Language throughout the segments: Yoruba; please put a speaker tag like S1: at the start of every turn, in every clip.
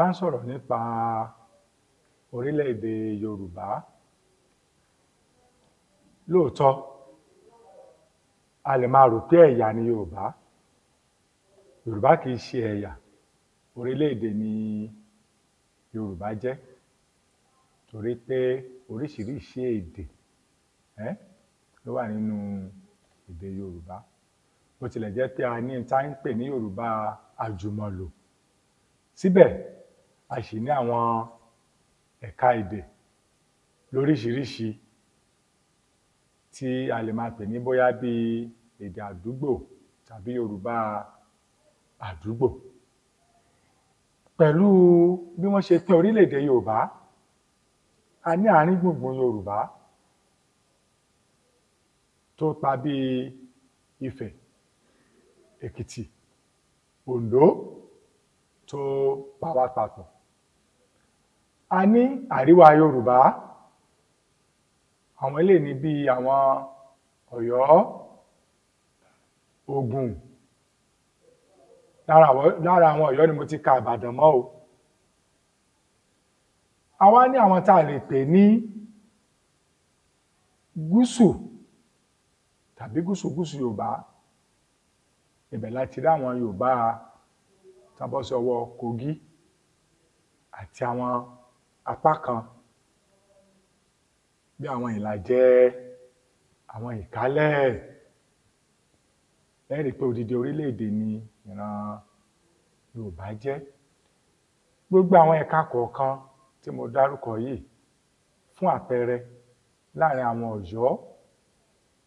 S1: bá ń sọ̀rọ̀ nípa orílẹ̀-èdè Yorùbá lóòótọ́ a lè máa rò pé ẹ̀yà ni Yorùbá Yorùbá kìí ṣe ẹ̀yà orílẹ̀-èdè ni Yorùbá jẹ́ torí pé oríṣiríṣi èdè ẹ́ ló wà nínú èdè Yorùbá bó tilẹ̀ jẹ́ pé a ní ta ń pè ní Yorùbá àjùmọ̀lò síbẹ̀ a sì ní àwọn ẹ̀ka èdè lóríṣiríṣi tí a lè máa pè ní bóyá bí èdè àdúgbò tàbí Yorùbá àdúgbò pẹ̀lú bí wọ́n ṣe pín orílẹ̀-èdè Yorùbá a ní àárín gbùngbùn Yorùbá tó pa bí Ifẹ̀ Èkìtì Oǹdó tó pa wá papọ̀ a ní àríwá yorùbá àwọn eléyìí ní bíi àwọn ọ̀yọ́ ògùn lára àwọn ọ̀yọ́ ni mo ti ka ìbàdàn mọ́ o a wá ní àwọn tá a lè pè ní gúúsù tàbí gúúsù gúúsù yorùbá ibẹ̀ láti rí àwọn yorùbá tàbọ́sọ̀wọ́ kogi àti àwọn apá kan bí àwọn ìlàjẹ àwọn ìkálẹ̀ ẹ rí pé odidi orílẹ̀-èdè ni ìran Yorùbá jẹ́ gbogbo àwọn ẹ̀ka kọ̀ọ̀kan tí mo dárúkọ yìí fún àpẹẹrẹ láàrin àwọn Ọ̀yọ́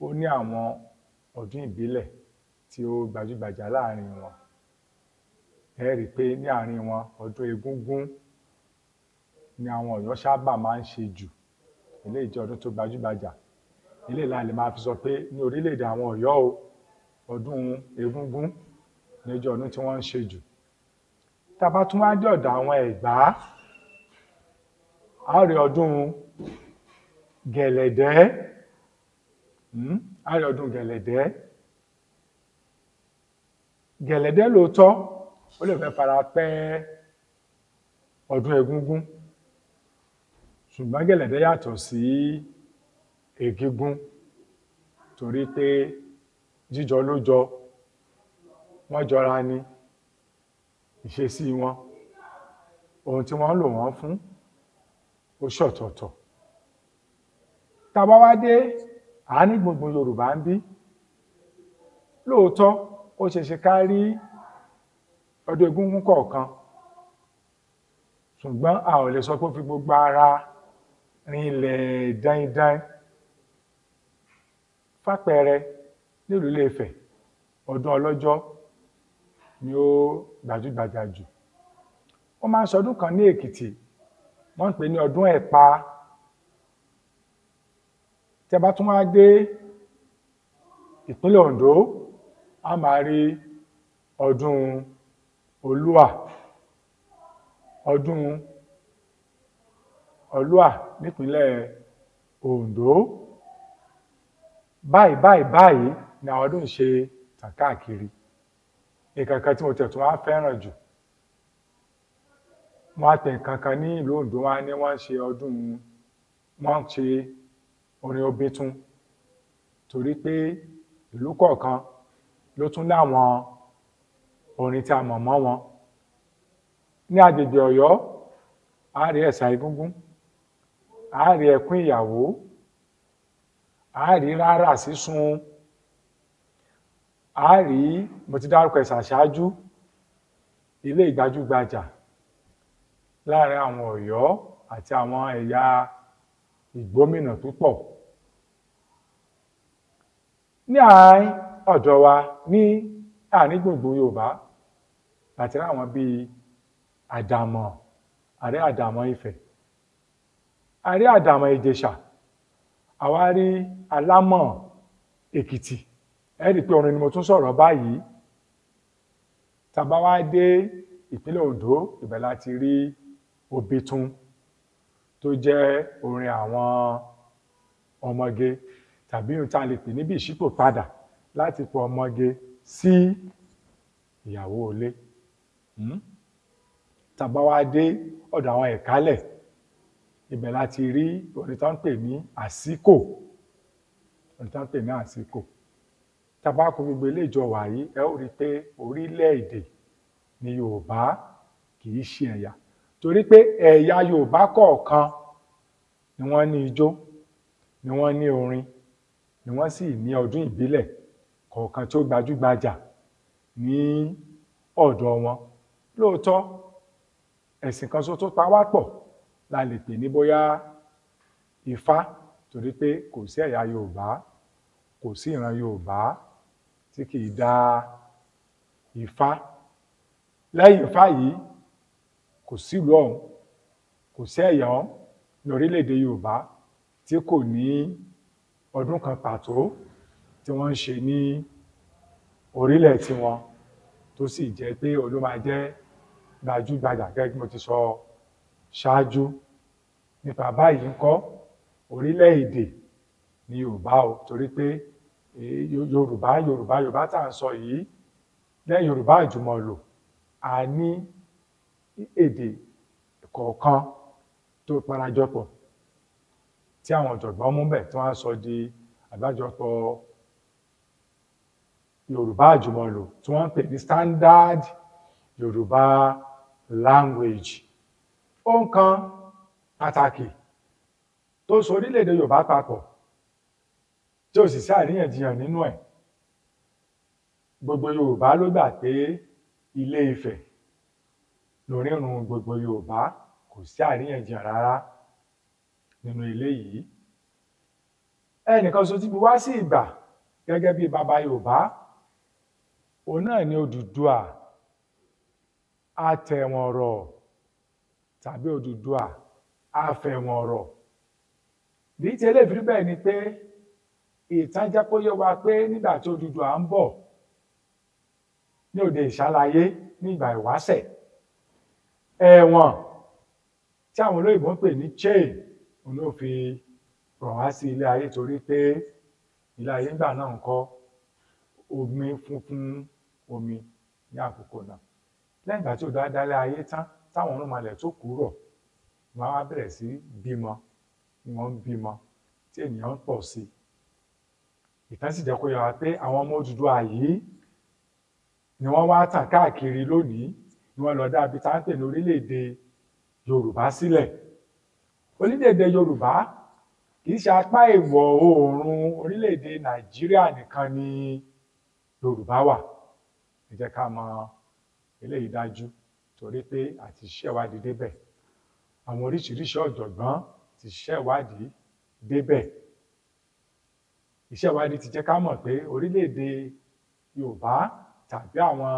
S1: ó ní àwọn ọdún ìbílẹ̀ tí ó gbajúgbajà láàrin wọn ẹ rí i pé ní àárín wọn ọdún Egúngún ni àwọn èèyàn sábà máa ń ṣe jù eléyìí jẹ́ ọdún tó gbajúgbajà eléyìí la lè máa fi sọ pé ní orílẹ̀-èdè àwọn ọ̀yọ́ o ọdún egúngún níjọ́ ọdún tí wọ́n ń ṣe jù tá tún wá dé ọ̀dọ̀ àwọn ẹ̀gbá a ọdún gẹ̀lẹ̀dẹ́ hmm? a ọdún gẹ̀lẹ̀dẹ́ gẹ̀lẹ̀dẹ́ lóòótọ́ ó lè fẹ́ fara pẹ́ ọdún egúngún ṣùgbọ́n gẹ̀lẹ̀dẹ́ yàtọ̀ sí ègígún torí pé jíjọ ló jọ wọ́n jọra ní ìṣesí wọn ohun tí wọ́n lò wọ́n fún ó ṣọ̀tọ̀ọ̀tọ̀ tàbá wá dé àání gbùngbùn Yorùbá ń bí lóòótọ́ ó ṣeṣe ká rí ọdún egúngún kọ̀ọ̀kan ṣùgbọ́n a ò lè sọ pé ó fi gbogbo ara ní ilẹ̀ dáindáin fápẹẹrẹ nílùú iléfẹ̀ ọdún ọlọ́jọ́ ni ó gbajúgbajà jù wọ́n máa ń sọdún kan ní èkìtì wọ́n ń pè ní ọdún ẹ̀pa tí a bá tún wá dé ìpínlẹ̀ ondo a máa rí ọdún olúà ọdún Ọlúà nípínlẹ̀ Oǹdó báyìí báyìí báyìí ni àwọn ọdún ṣe tàn káàkiri nǹkan kan tí mo tẹ̀ tún wá fẹ́ràn jù wọ́n á tẹ nǹkan kan ní ìlú Oǹdó wá ní wọ́n ń ṣe ọdún wọ́n ṣe orin obitun torí pé ìlú kọ̀ọ̀kan ló tún láwọn orin tí a mọ̀ mọ́ wọn ní agbègbè Ọ̀yọ́ a rí ẹ̀sà egúngún àárí ẹkún ìyàwó àárí rárá sísun àárí mo ti dárúkọ ẹ̀sà ṣáájú ilé ìgbajúgbajà láàrin àwọn Ọ̀yọ́ àti àwọn ẹ̀yà ìgbómìnà púpọ̀ ní àárín ọ̀dọ̀ wa ní àárín gbùngbùn Yorùbá àti láwọn bíi àdàmọ̀ àrẹ àdàmọ̀ Ifẹ̀ a rí àdàmọ̀ ìjẹ̀ṣà àwa rí alámọ̀ èkìtì ẹ rí i pé ọ̀run ni mo tún sọ̀rọ̀ báyìí tàbá wá dé ìpínlẹ̀ Ondo ibẹ̀ láti rí Obitun tó jẹ́ orin àwọn ọmọge tàbí ohun tá a níbi ìṣípò padà láti pọ ọmọge sí ìyàwó ilé hmm? tàbá dé ọ̀dọ̀ àwọn ẹ̀kálẹ̀ ibẹ̀ láti rí orin tó ń pè ní àsìkò orin tó ń pè ní àsìkò tabako gbogbo ilé ìjọ wàyí ẹ ó rí i pé orílẹ̀-èdè ni Yorùbá kì í ṣe ẹ̀yà torí pé ẹ̀yà Yorùbá kọ̀ọ̀kan ni wọ́n ní ijó ni wọ́n ní orin ni wọ́n sì ní ọdún ìbílẹ̀ kọ̀ọ̀kan tó gbajúgbajà ní ọ̀dọ̀ wọn lóòótọ́ ẹ̀sìn kan ṣoṣo pa wá pọ̀ la lè pè ní bóyá Ifá torí pé kò sí ẹ̀yà Yorùbá kò sí ìran Yorùbá tí kì í dá Ifá lẹ́yìn Ifá yìí kò sílùú ọ̀hún kò sí ẹ̀yà ọ̀hún lórílẹ̀‐èdè Yorùbá tí kò ní ọdún kan pàtó tí wọ́n ń ṣe ní orílẹ̀ tiwọn tó sì jẹ́ pé olú máa gbajúgbajà gẹ́gẹ́ bí mo ti sọ. So, ṣáájú ni bàbá yìí ń kọ́ orílẹ̀-èdè ni yorùbá o torí pé e, yorùbá yorùbá yorùbá tá à ń sọ yìí lẹ́yìn yorùbá àjùmọ̀lò a ní èdè kọ̀ọ̀kan tó parajọpọ̀ tí àwọn ọ̀jọ̀gbọ́n mú bẹ̀ tí wọ́n sọ di àgbájọpọ̀ yorùbá àjùmọ̀lò tí wọ́n ń pè ní standard yorùbá language ó ń kan pàtàkì tó so orílẹ̀-èdè yorùbá papọ̀ tí ò sì sí àríyànjiyàn nínú ẹ̀ gbogbo yorùbá ló gbà pé ilé ifẹ̀ lórírun gbogbo yorùbá kò sí àríyànjiyàn rárá nínú ilé yìí ẹnìkan so ti fi wá sí ìgbà gẹ́gẹ́ bí bàbá yorùbá òun náà ni Odùduwà àtẹ̀wọ̀nrọ̀ tàbí Odùduwà àfẹ̀wọ̀n ọ̀rọ̀ bí ti eléfìrí bẹ́ẹ̀ ni pé ìtàn jẹ́ kó yé wa pé nígbà tí Odùduwà ń bọ̀ ní òde ìṣàlàyé ní ìgbà ìwáṣẹ̀ ẹ̀wọ̀n tí àwọn olóyìnbó ń pè ní chain òun ló fi rọ̀ wá sí ilé ayé torí pé ilé ayé ńgbà náà ń kọ́ omi funfun omi ní àkókò náà lẹ́yìn ìgbà tí Odùduwà dálé ayé tán táwọn irúnmalẹ̀ tó kù rọ̀ wọ́n á bẹ̀rẹ̀ sí bímọ ni wọ́n ń bímọ tí ènìyàn ń pọ̀ sí i ìtàn sì jẹ́ kó yé wa pé àwọn ọmọ Odùduwà yìí ni wọ́n wá tàn káàkiri lónìí ni wọ́n lọ dábí táǹtè ní orílẹ̀-èdè Yorùbá sílẹ̀ orílẹ̀-èdè Yorùbá kì í ṣe apá ìwọ̀ oòrùn orílẹ̀-èdè Nàìjíríà nìkan ni Yorùbá wà ẹ jẹ́ ká mọ eléyìí dájú torí pé àti ṣèwádìí débẹ̀ àwọn oríṣiríṣi ọ̀jọ̀gbọ́n ti ṣèwádìí débẹ̀ ìṣèwádìí ti jẹ́ ká mọ̀ pé orílẹ̀-èdè Yorùbá tàbí àwọn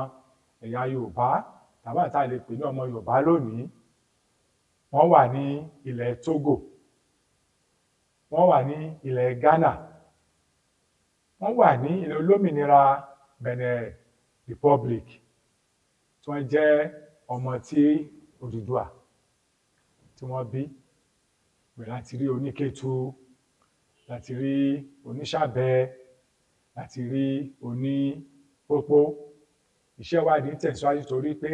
S1: ẹ̀yà Yorùbá tàbí àtà lè pè ní ọmọ Yorùbá lónìí wọ́n wà ní ilẹ̀ Togo wọ́n wà ní ilẹ̀ Ghana wọ́n wà ní ilẹ̀ olómìnira Benin Republic tí wọ́n jẹ́ ọmọ tí Odùduwà tí wọ́n bí bẹ̀rẹ̀ láti rí oníketu láti rí oníṣàbẹ láti rí onípópó iṣẹ́ ìwádìí ń tẹ̀síwájú torí pé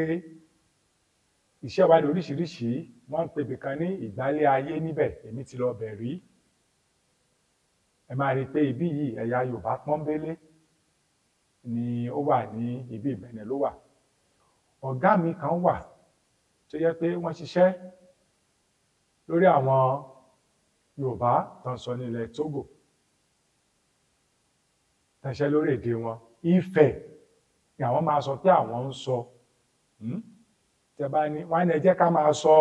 S1: iṣẹ́ ìwádìí oríṣiríṣi wọ́n ń pebì kan ní ìgbálẹ̀ ayé níbẹ̀ èmi ti lọ bẹ̀ rí ẹ máa rí i pé ibí yìí ẹ̀yà Yorùbá pọ́nbélé ni ó wà ní ibi ìbẹ̀nẹ̀ ló wà ọ̀gá mi kan wà tó yẹ pé wọ́n ṣiṣẹ́ lórí àwọn Yorùbá tó nílẹ̀ Togo tẹ̀sẹ̀ lórí èdè wọn Ifẹ̀ ni àwọn máa sọ pé àwọn ń sọ hmm? tẹ bá ní wọn á jẹ́ ká máa sọ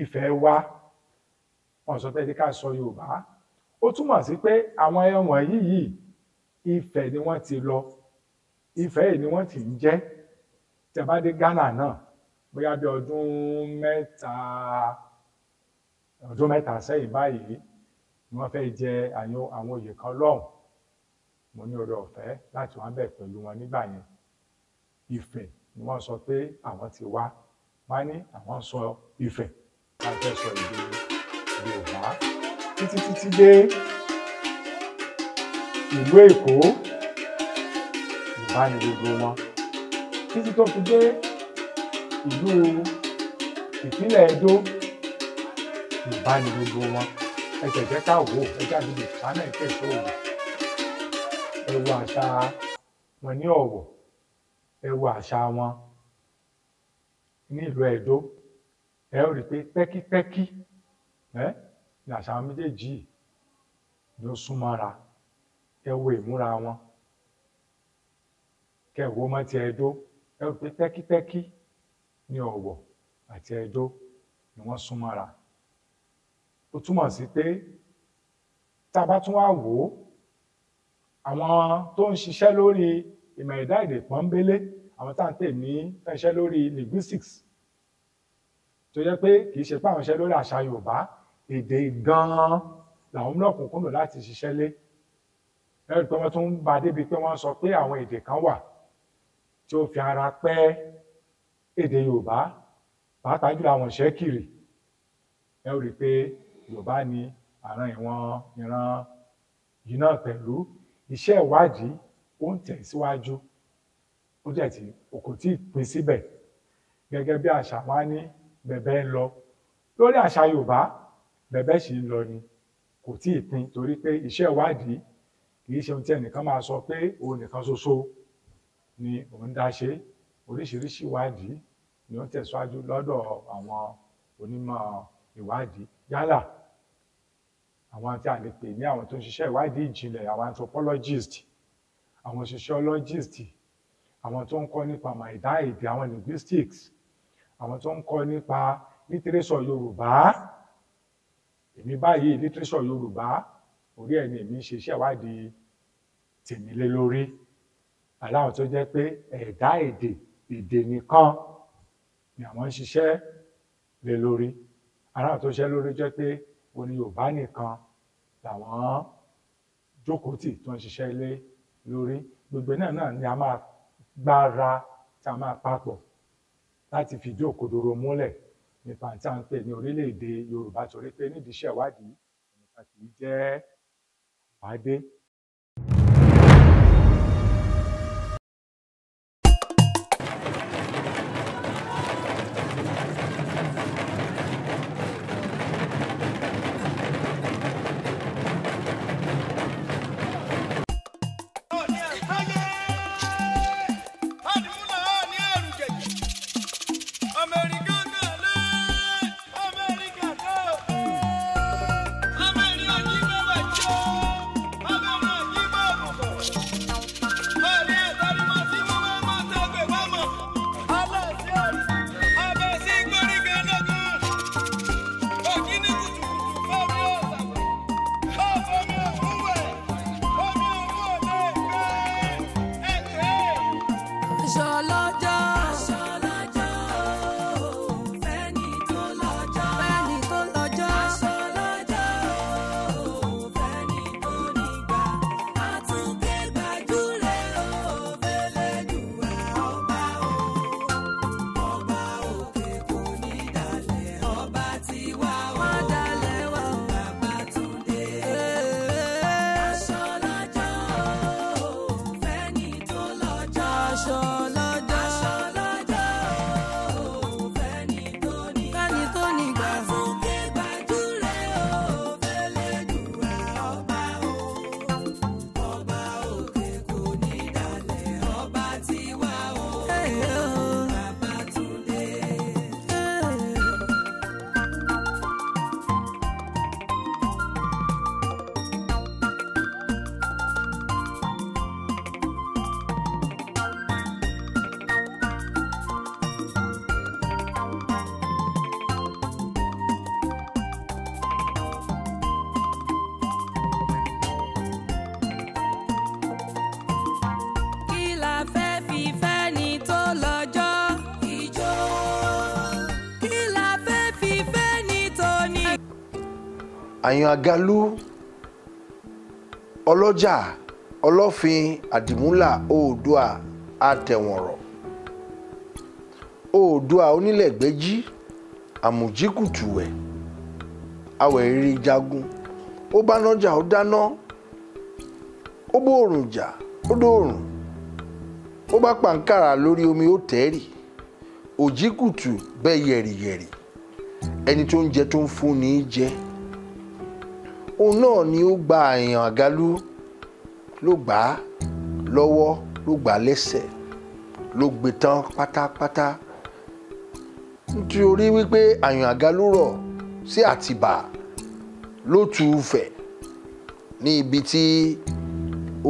S1: Ifẹ̀ wa wọn sọ pé ẹ ká sọ Yorùbá ó túmọ̀ sí pé àwọn ẹran yìí Ifẹ̀ ni wọ́n ti lọ Ifẹ̀ yìí ni wọ́n ti ń jẹ́ tẹ́ bá dé Ghana náà bóyá bí ọdún mẹ́ta ọdún mẹ́ta sẹ́yìn báyìí ni wọ́n fẹ́ jẹ àwọn oyè kan lọ́hùn mo ní oore ọ̀fẹ́ láti wá bẹ̀ pẹ̀lú wọn nígbà yẹn Ifẹ̀ ni wọ́n sọ pé àwọn ti wá wá ní àwọn sọ Ifẹ̀ láti fẹ́ sọ èdè Yorùbá títí títí dé ìlú Èkó Yorùbá wọn títí tó fi dé ìlú ìpínlẹ̀ Edo ìbánigbogbo wọn ẹ jẹ̀jẹ̀ ká wò ó ẹ jáde lè sáná ìkẹ́sọ̀ òwò ẹ wo àṣà wọn ní Ọ̀wọ̀ ẹ wo àṣà wọn ní ìlú Edo ẹ ó rí i pé pẹ́kípẹ́kí ẹ ní àṣà wọn méjèèjì yìí ló súnmọ́ra ẹ wo ìmúra wọn kẹ wo mọ́ ti Edo ẹ rò pé tẹ́kítẹ́kí ni ọ̀wọ̀ àti ẹjọ́ ni wọ́n sún mọ́ra ó túmọ̀ sí pé tá a bá tún wá wò ó àwọn tó ń ṣiṣẹ́ lórí ìmọ̀ ẹ̀dá èdè pọ́ńbélé àwọn tá à ń pè ní iṣẹ́ lórí linguistics tó jẹ́ pé kì í ṣe pé àwọn iṣẹ́ lórí àṣà Yorùbá èdè gan-an làwọn lọ́kùnkúndùn láti ṣiṣẹ́ lé ẹ̀rí pé wọ́n tún bá débi pé wọ́n sọ pé àwọn èdè kan wà tí ó fi ara pẹ́ èdè Yorùbá pàápàá jùlọ àwọn ìṣẹ́kiri ẹ ó rí i pé Yorùbá ni àrùn ìwọ̀n ìran yìí náà pẹ̀lú iṣẹ́ ìwádìí ó ń tẹ̀síwájú ó dẹ̀ tí kò tí ì pín síbẹ̀ gẹ́gẹ́ bí àṣà wa ní bẹ̀bẹ̀ ń lọ lórí àṣà Yorùbá bẹ̀bẹ̀ sì ń lọ ni kò tí ì pín torí pé iṣẹ́ ìwádìí kì í ṣe ohun tí ẹnìkan máa sọ pé òun nìkan ṣoṣo ni òun dá ṣe oríṣiríṣi ìwádìí ni ó ń tẹ̀síwájú lọ́dọ̀ àwọn onímọ̀ ìwádìí yálà àwọn tí a lè pè ní àwọn tó ń ṣiṣẹ́ ìwádìí ìjìnlẹ̀ àwọn anthropologist àwọn sociologist àwọn tó ń kọ́ nípa màìdá èdè àwọn linguistics àwọn tó ń kọ́ nípa lítírésọ̀ Yorùbá èmi báyìí lítírésọ̀ Yorùbá orí ẹ̀ ni èmi ń ṣe iṣẹ́ ìwádìí tèmi lé lórí aláwọ̀ tó jẹ́ pé ẹ̀dá èdè èdè nìkan ni àwọn ń ṣiṣẹ́ lé lórí aláwọ̀ tó ṣiṣẹ́ lórí jẹ́ pé òní Yorùbá nìkan làwọn jókòó tì tó ń ṣiṣẹ́ lé lórí gbogbo náà náà ni a máa gbára tá a máa papọ̀ láti fìdí òkodoro múlẹ̀ nípa tí a ń pè ní orílẹ̀-èdè Yorùbá torí pé nídìí iṣẹ́ ìwádìí jẹ́ àdé.
S2: àyàn àgálú ọlọ́jà ọlọ́fin àdìmúlà oòdùà àtẹ̀wọ̀nrọ̀ oòdùà onílẹ̀gbẹ́jì àmùjíkùtùwẹ̀ awẹ̀rírí jagun ó bánájà ó dáná ó bóòrùn jà ó dóòrùn ó bá pàǹkàrà lórí omi ó tẹ́rì òjíkùtù bẹ́ẹ̀ yẹ̀rìyẹ̀rì ẹni tó ń jẹ tó ń fún ní í jẹ. òun náà ni ó gba àyàn àgálú ló gbà á lọ́wọ́ ló gbà á lẹ́sẹ̀ ló gbé tán pátápátá nítorí wípé àyàn àgálú rọ̀ sí àtìbà ló tu fẹ̀ ní ibi tí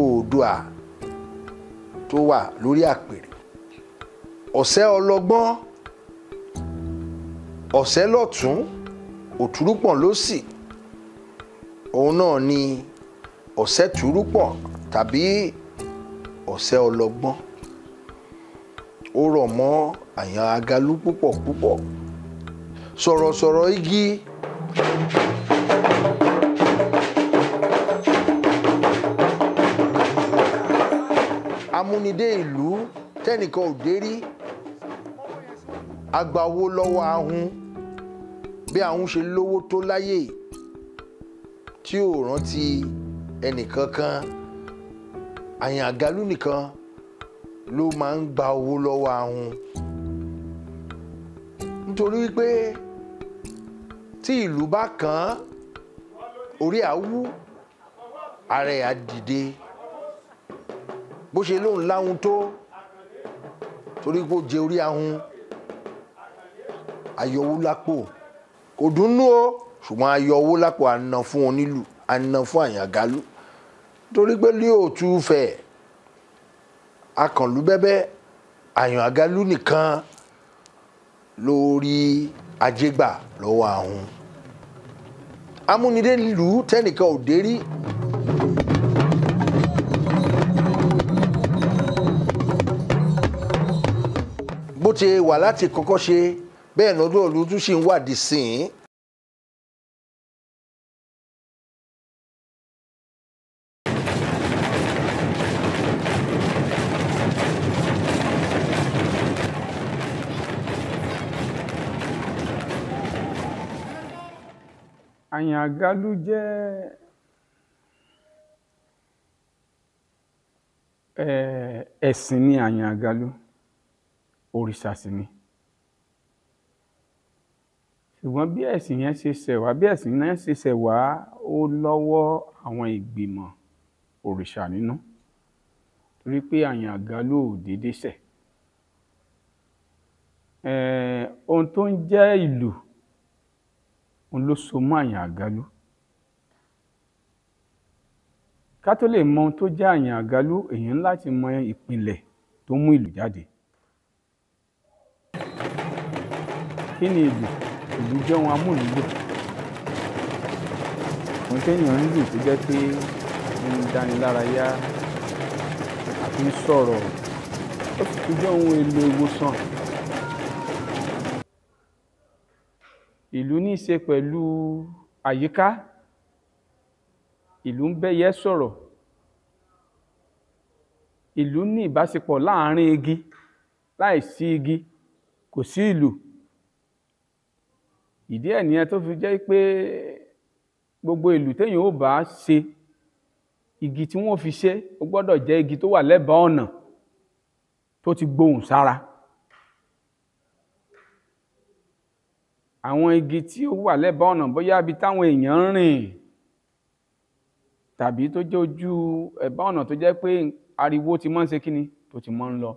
S2: oòdùà tó wà lórí àpèrè ọ̀sẹ́ ọlọ́gbọ́n ọ̀sẹ́ lọ́tún òtúrúpọ̀n ló sì. Si òun náà ni ọ̀sẹ̀ túrúpọ̀ tàbí ọ̀sẹ̀ ọlọ́gbọ́n ó rọ̀ mọ́ àyàn agalú púpọ̀ púpọ̀ sọ̀rọ̀sọ̀rọ̀ igi amúnidé ìlú tẹ́nìkan ò dé rí agbawó lọ́wọ́ ahun bí ahun ṣe lówó tó láyé yìí tí ò rántí ẹnìkankan àyàn àgálù nìkan ló máa ń gba owó lọ́wọ́ ahun nítorí wípé tí ìlú bá kàn án orí àwú ara ẹ̀ á dìde bó ṣe lóun láhun tó torí pé ó jẹ orí ahun ayọ̀wò lápò kò dùn ún nú o ṣùgbọ́n a yọ owó lápò àna fún onílù àna fún àyàngálù torí pé lé òtú fẹ̀ akànlú bẹ́bẹ́ àyàngálù nìkan lórí ajégbà lọ́wọ́ àhún amúnidé lù ú tẹ́nìkan ò dé rí. bó ti wà láti kọ́kọ́ ṣe bẹ́ẹ̀ lọ́dún ọ̀lú tún ń wà sí i.
S3: Àyàngalú jẹ́ um ẹ̀sìn ni Àyàngalú, òrìṣà sì ni. Ṣùgbọ́n bí ẹ̀sìn yẹn ṣe ṣẹ̀ wá, bí ẹ̀sìn náà ṣe ṣẹ̀ wá, ó lọ́wọ́ àwọn ìgbìmọ̀ òrìṣà nínú torí pé Àyàngalú ò déédé ṣẹ̀. um Ohun tó ń jẹ́ ìlù òun ló so mọ́ àyàn àgálú ká tó lè mọ ohun tó jẹ́ àyàn àgálú èèyàn láti mọ ìpìlẹ̀ tó mú ìlù jáde kí ni ìlù ìlù jẹ́ ohun amúlùúgbò ohun téèyàn ń lù tó jẹ́ pé ń dánilárayá àti ń sọ̀rọ̀ ó sì tún jẹ́ ohun èlò ìwòsàn. ìlú ní í ṣe pẹ̀lú àyíká ìlú ń bẹ́yẹ sọ̀rọ̀ ìlú ní ìbáṣepọ̀ láàárín igi láì sí igi kò sí ìlú ìdí ẹ̀ nìyẹn tó fi jẹ́ pé gbogbo ìlú téèyàn ò bá ṣe igi tí wọ́n fi ṣe ó gbọ́dọ̀ jẹ́ igi tó wà lẹ́bàá ọ̀nà tó ti gbohùn sára àwọn igi tí ó wà lẹ́bàá ọ̀nà bóyá ibi táwọn èèyàn ń rìn tàbí tó jẹ́ ojú ẹ̀bá ọ̀nà tó jẹ́ pé ariwo ti máa ń ṣe kíni tó ti máa ń lọ.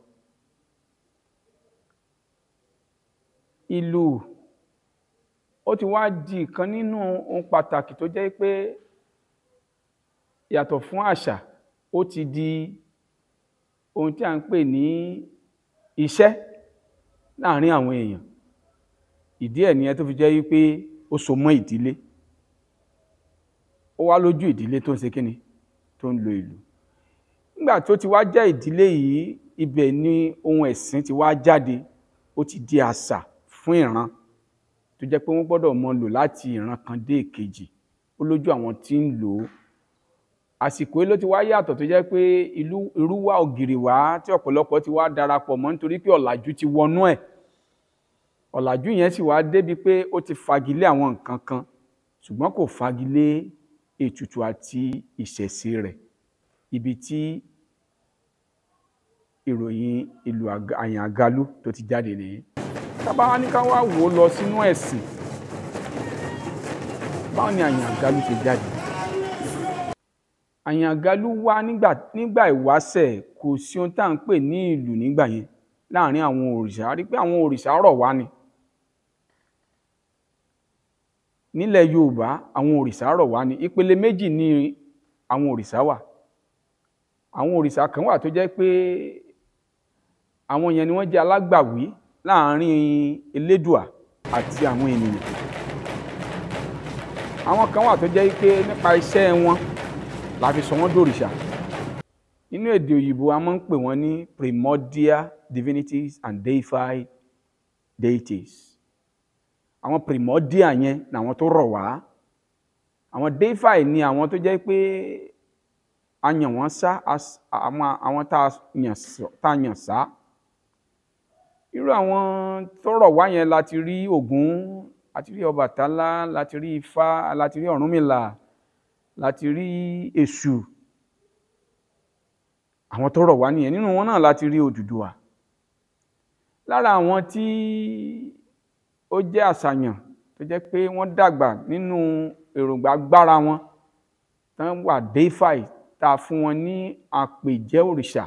S3: ìlù ó ti wá di ìkan nínú ohun pàtàkì tó jẹ́ pé yàtọ̀ fún àṣà ó ti di ohun tí a ń pè ní iṣẹ́ láàárín àwọn èèyàn ìdí ẹ̀ nìyẹn tó fi jẹ́ wípé ó so mọ́ ìdílé ó wá lójú ìdílé tó ń ṣe kíni tó ń lo ìlú nígbà tó ti wá jẹ́ ìdílé yìí ibẹ̀ ni ohun ẹ̀sìn ti wá jáde ó ti di àṣà fún ìran tó jẹ́ pé wọ́n gbọ́dọ̀ mọ lò láti ìran kan dé èkejì ó lójú àwọn tí ń lò ó àsìkò yìí ló ti wá yàtọ̀ tó jẹ́ pé irú wa ògìrì wá tí ọ̀pọ̀lọpọ̀ ti wá darapọ̀ mọ́ nítorí pé ọ̀làjú ti wọnú ẹ̀ ọ̀làjú yẹn sì wá débi pé ó ti fagilé àwọn nǹkan kan ṣùgbọ́n kò fagilé ètùtù àti ìṣẹ̀ṣe rẹ̀ ibi tí ìròyìn ìlú àyàngalú tó ti jáde nìyí.
S1: tábà wá ní ká wá wò ó lọ sínú
S3: ẹ̀sìn báwo ni àyàngalú ṣe jáde. àyàngalú wá nígbà ìwáṣẹ̀ kò sí ohun tá à ń pè ní ìlú nígbà yẹn láàrin àwọn òrìṣà a pé àwọn òrìṣà rọ̀ wá ni. nílẹ̀ Yorùbá àwọn òrìṣà rọ̀ wá ní ìpele méjì ní àwọn òrìṣà wà àwọn òrìṣà kan wà tó jẹ́ pé àwọn yẹn ni wọ́n jẹ́ alágbàwí láàárín Elédùà àti àwọn ènìyàn àwọn kan wà tó jẹ́ pé nípa iṣẹ́ wọn la fi sọ wọ́n dòrìṣà nínú èdè òyìnbó a máa ń pè wọ́n ní primordial divinities and deified deities àwọn primordial yẹn làwọn tó rọ̀ wá àwọn deify ni àwọn tó jẹ́ pé a yàn wọ́n sá àwọn tá a yàn sá irú àwọn tó rọ̀ wá yẹn láti rí Ògún láti rí Ọbàtálá láti rí Ifá láti rí Ọ̀rúnmìlà láti rí Èṣù àwọn tó rọ̀ wá nìyẹn nínú wọn náà láti rí Odùduwà lára àwọn tí. Tí ó jẹ́ àṣàyàn tó jẹ́ pé wọ́n dàgbà nínú èròǹgbà agbára wọn tán wà défàì tá fún wọn ní àpèjẹ́ òrìṣà